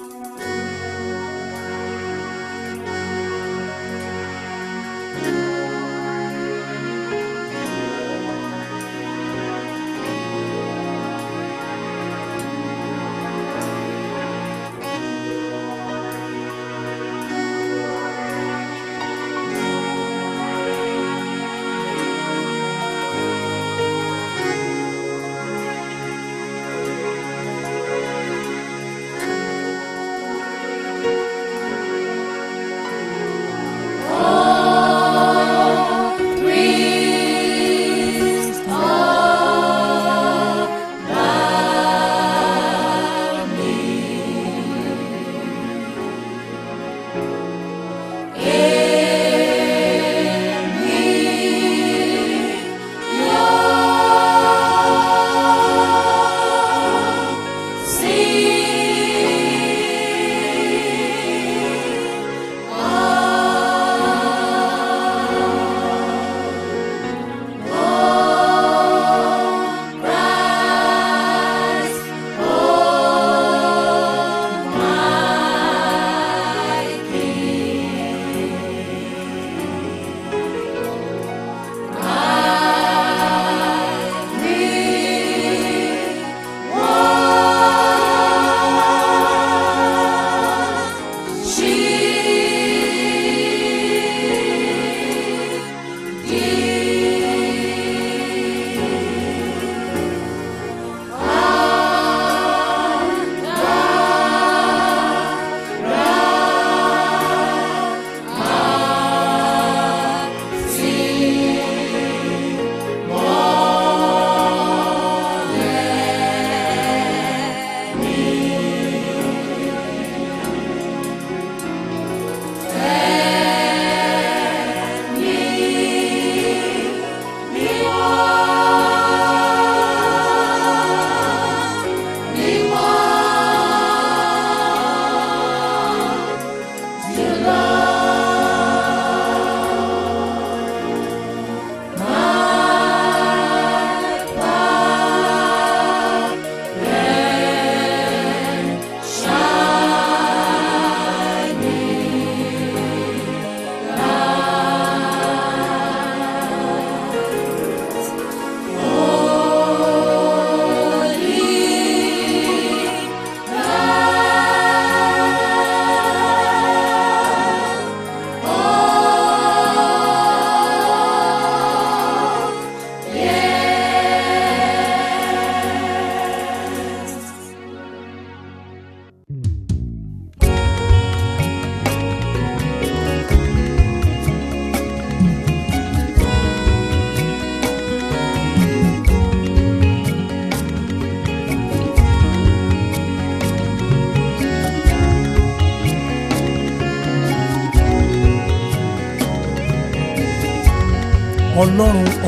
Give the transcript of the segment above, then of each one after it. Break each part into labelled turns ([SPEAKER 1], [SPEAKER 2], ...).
[SPEAKER 1] Música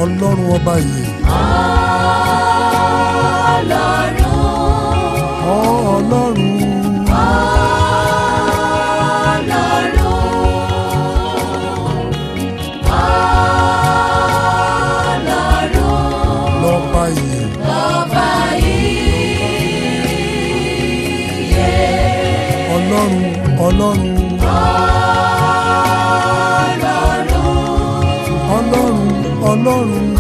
[SPEAKER 2] ọlọ́run ọba yìí. 落入。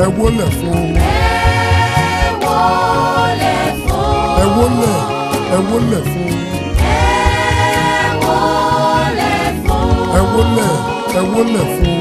[SPEAKER 2] ẹ wólẹ̀ fún. ẹ wólẹ̀ fún. ẹ wólẹ̀ ẹ wólẹ̀ fún. ẹ fún. ẹ wólẹ̀ fún.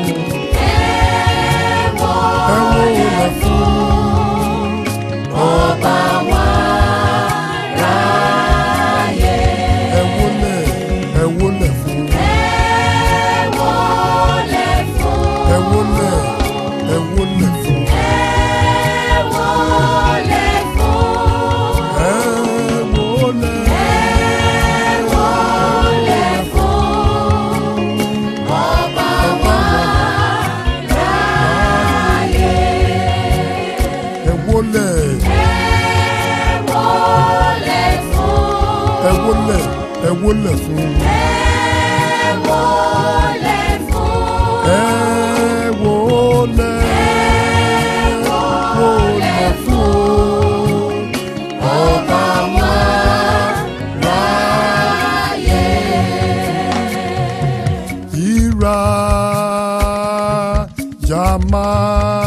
[SPEAKER 2] Yama.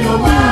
[SPEAKER 2] your mind.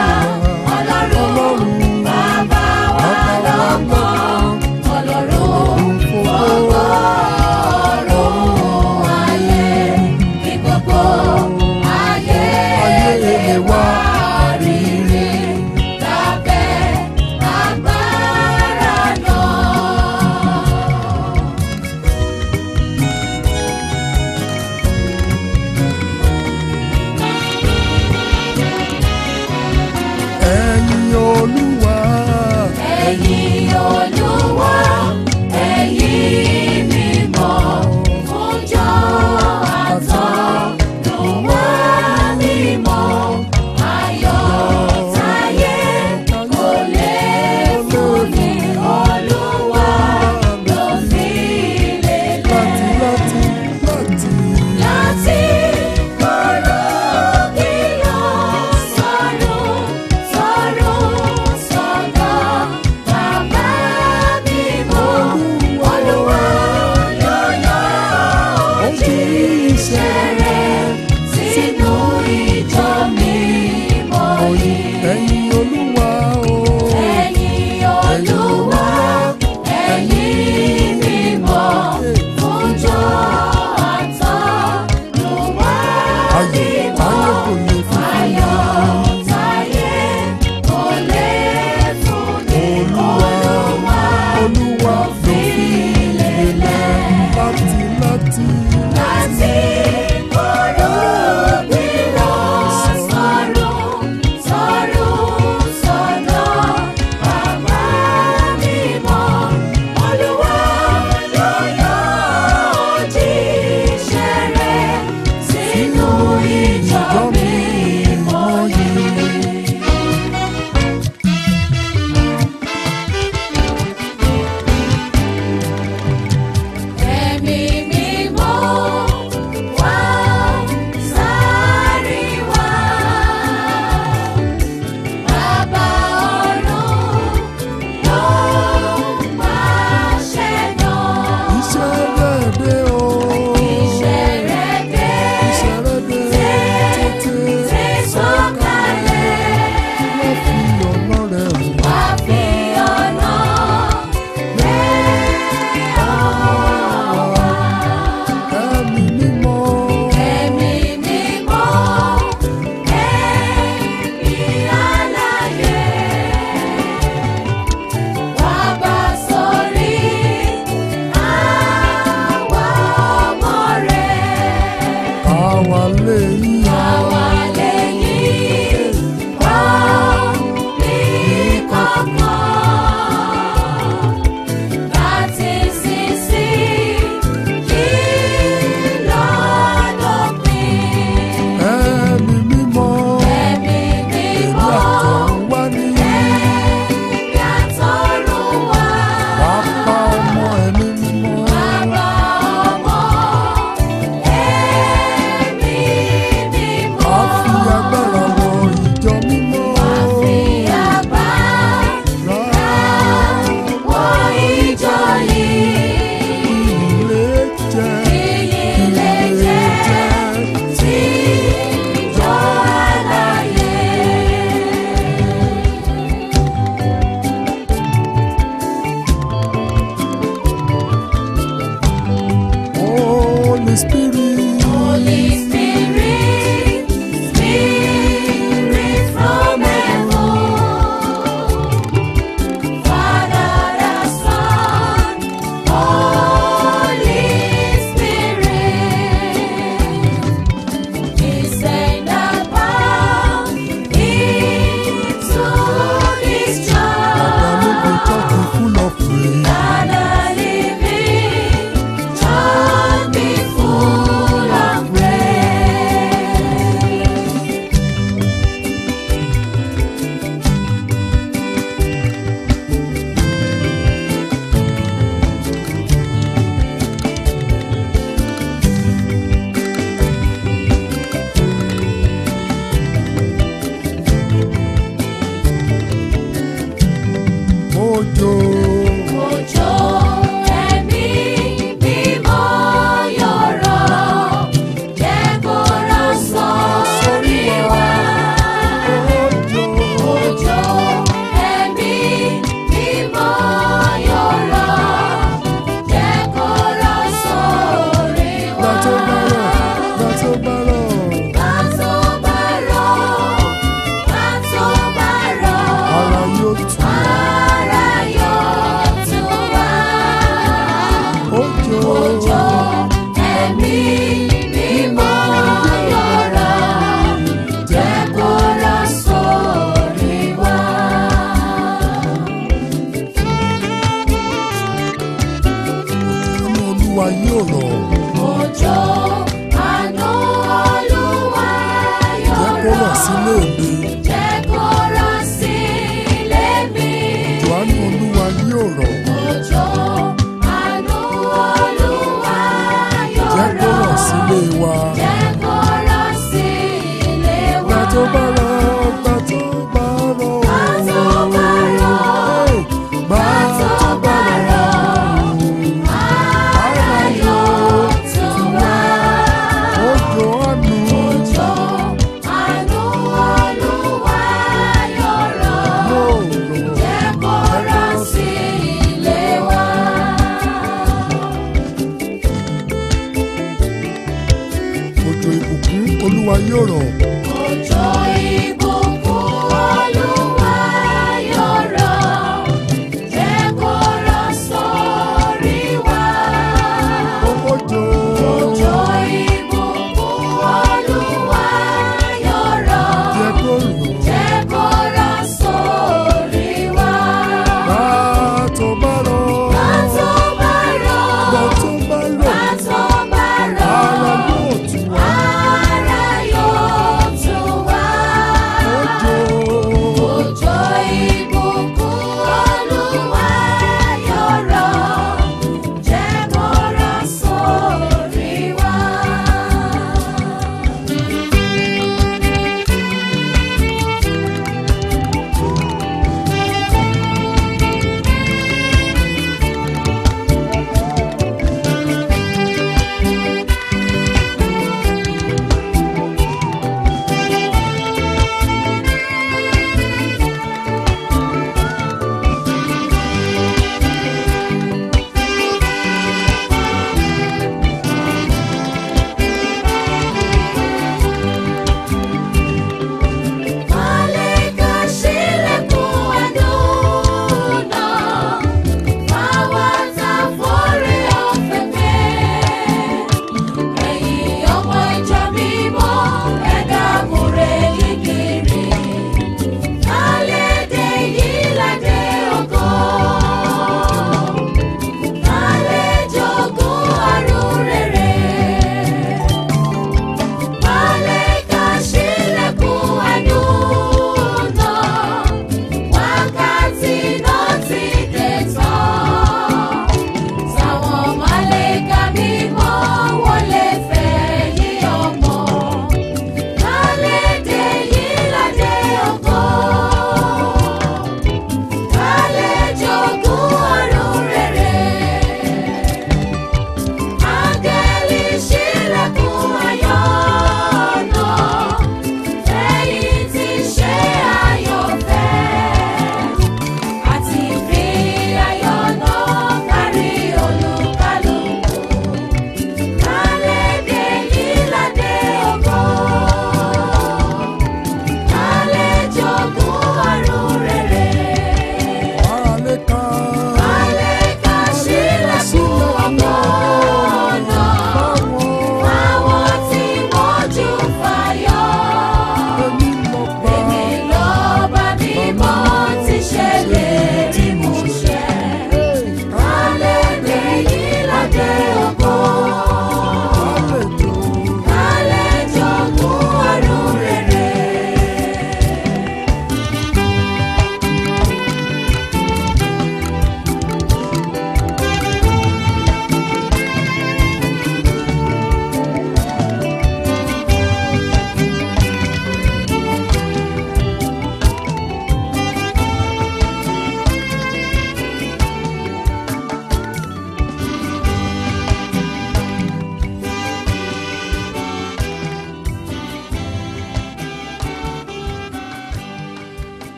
[SPEAKER 2] Yo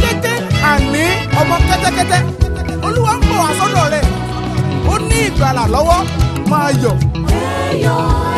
[SPEAKER 2] kẹ́tẹ́kẹ́tẹ́ àní ọmọ kẹ́tẹ́kẹ́tẹ́ olúwa ń bọ̀ wá sọ́dọ̀ rẹ̀ ó ní ìgbàlà lọ́wọ́ máa yọ̀. ẹ yọ̀ ẹ.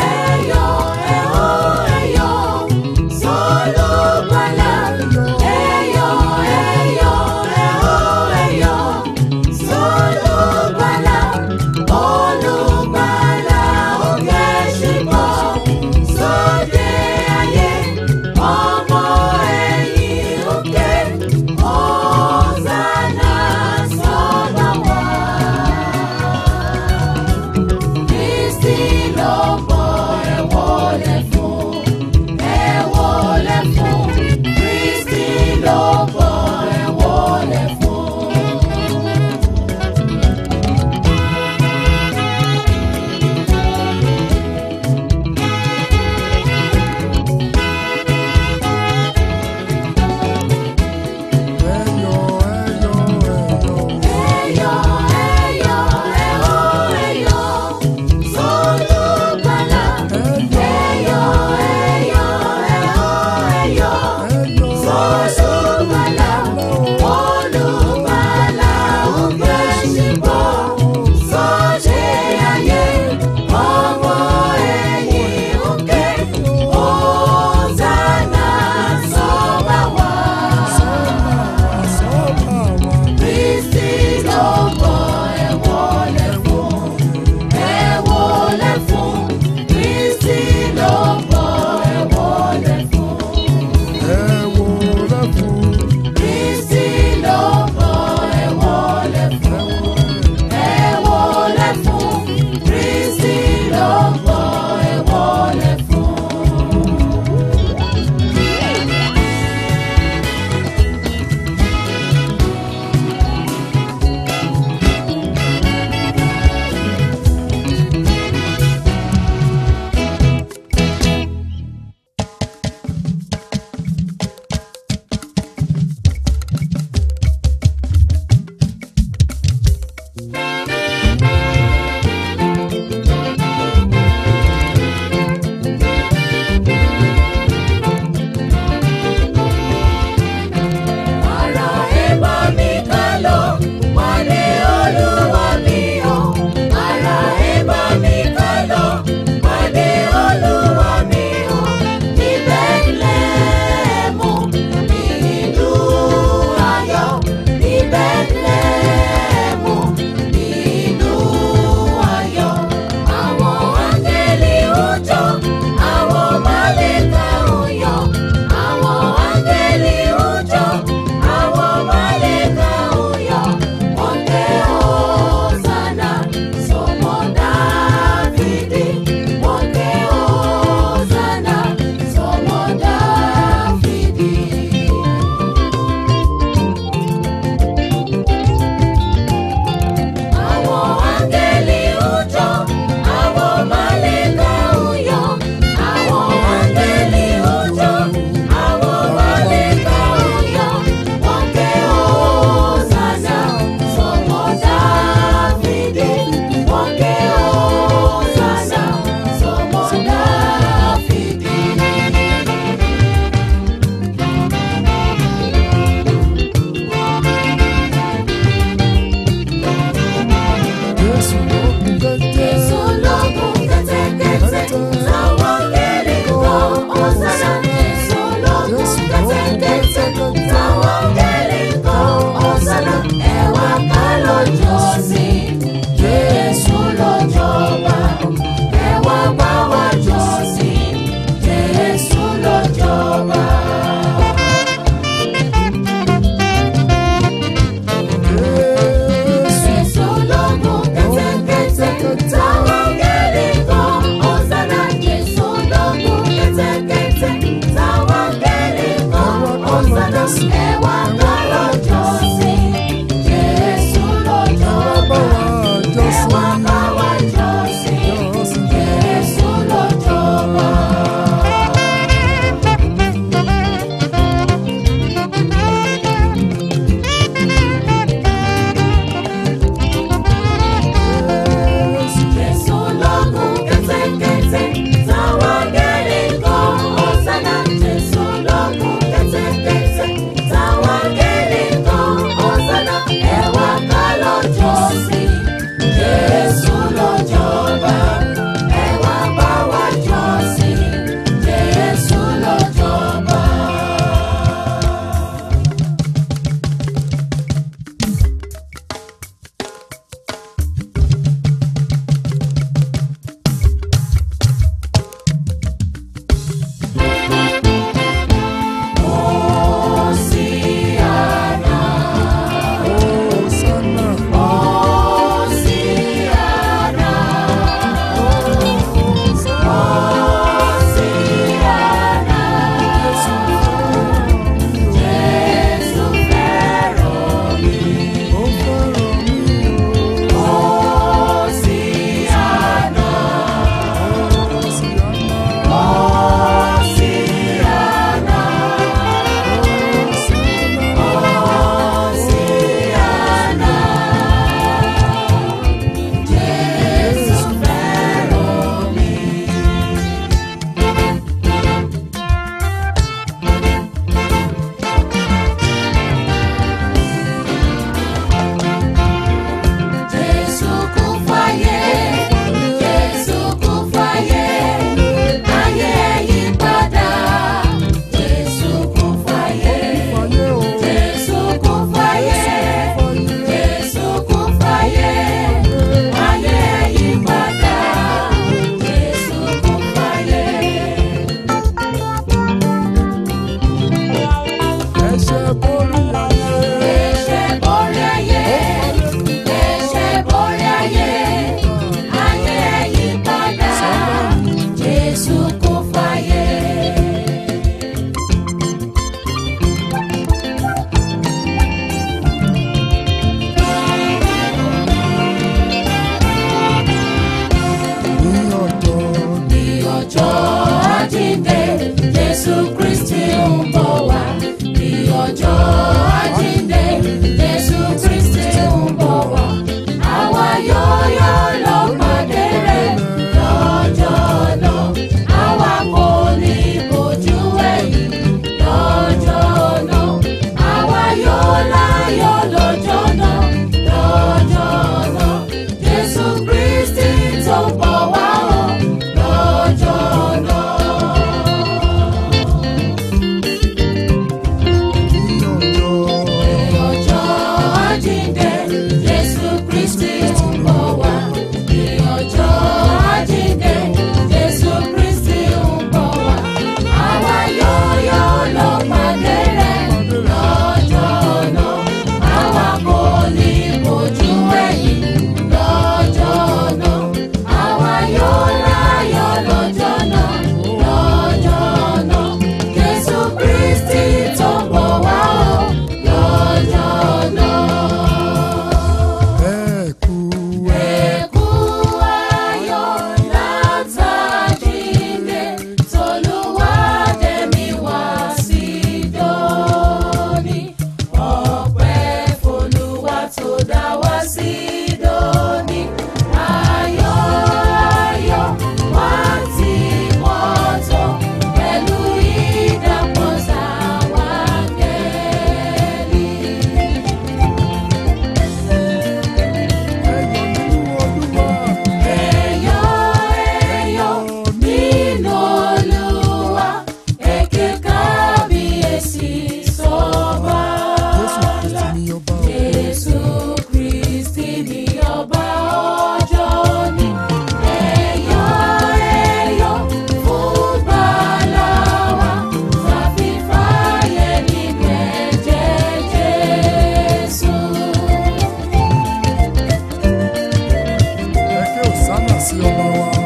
[SPEAKER 2] Senhor.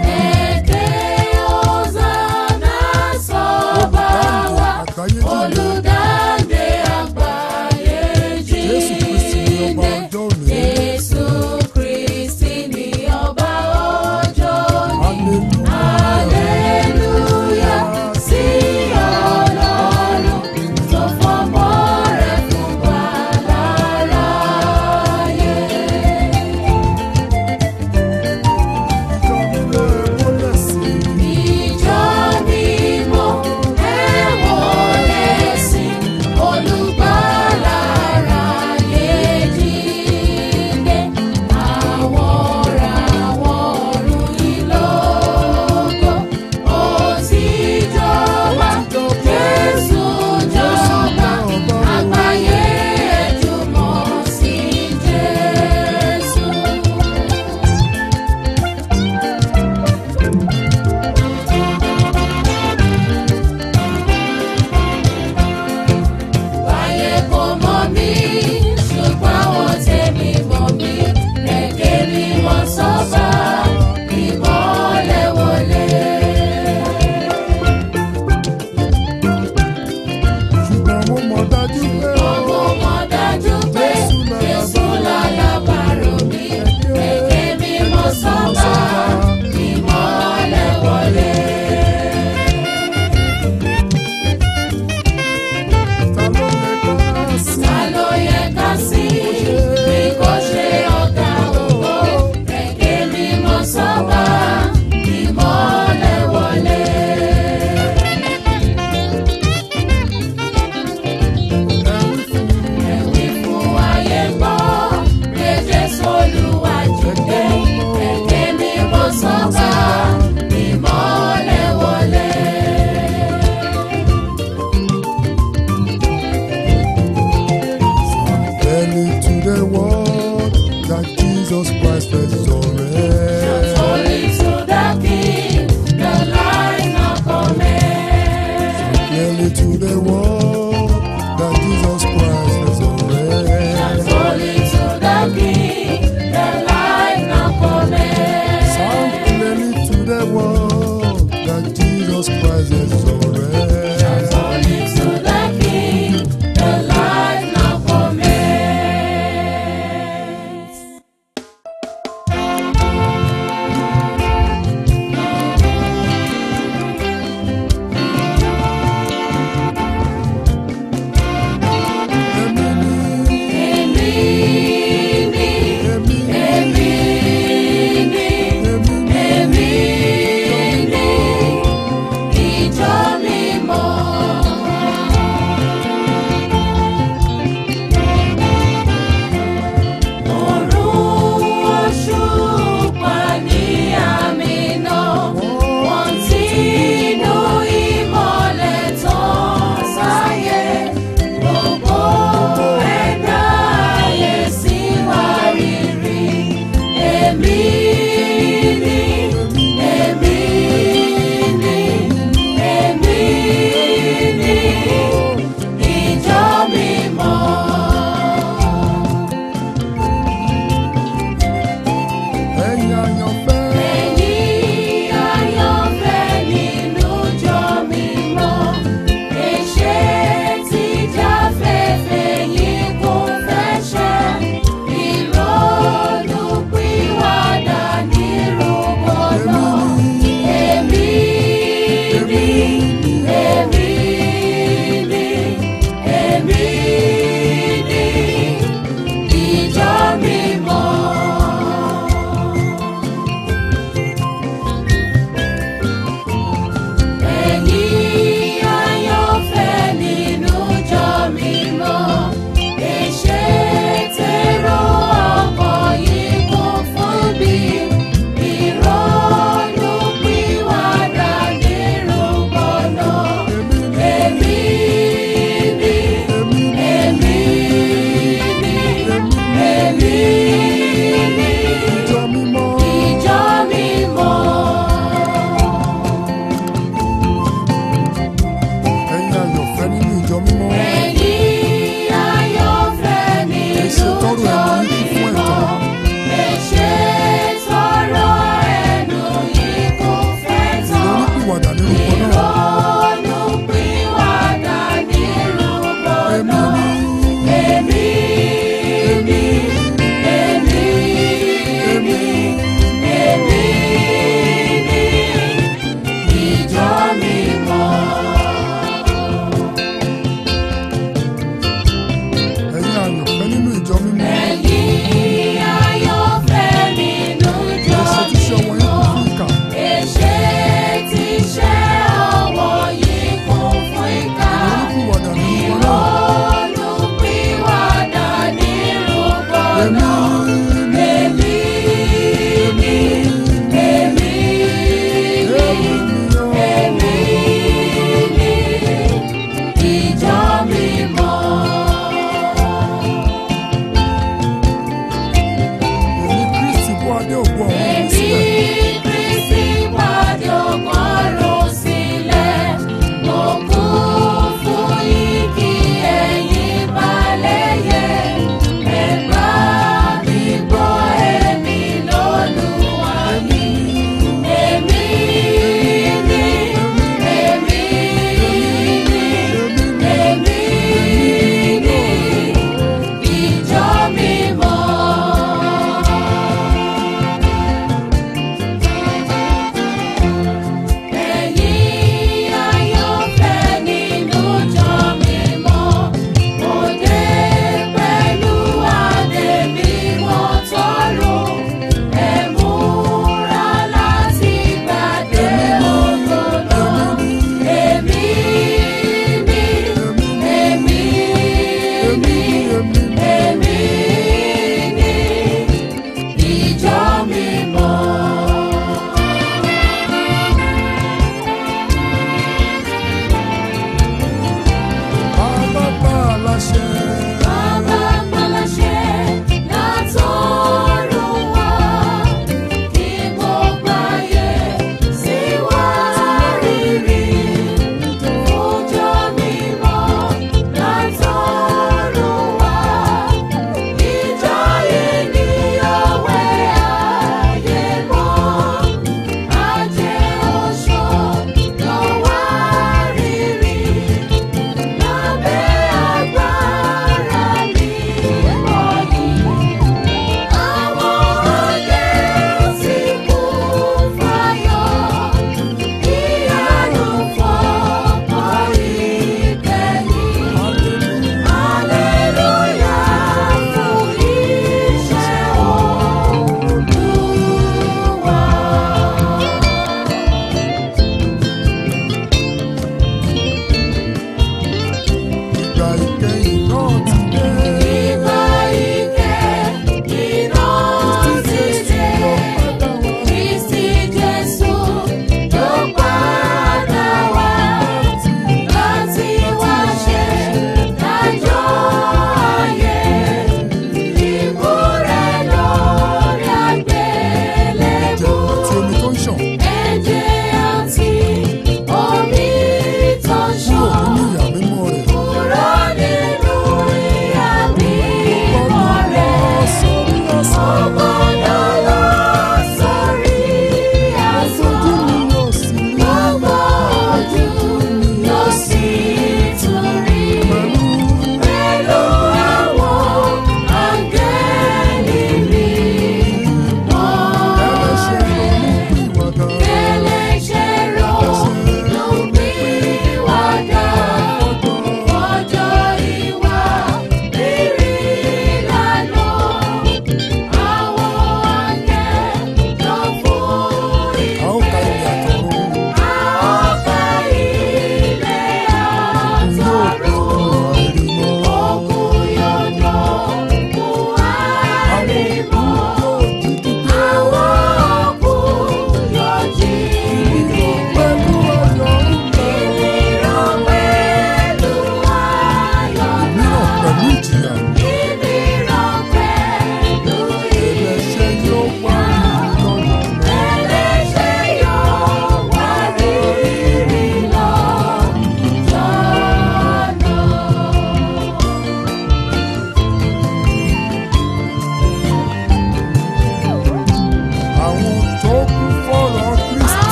[SPEAKER 2] 我们。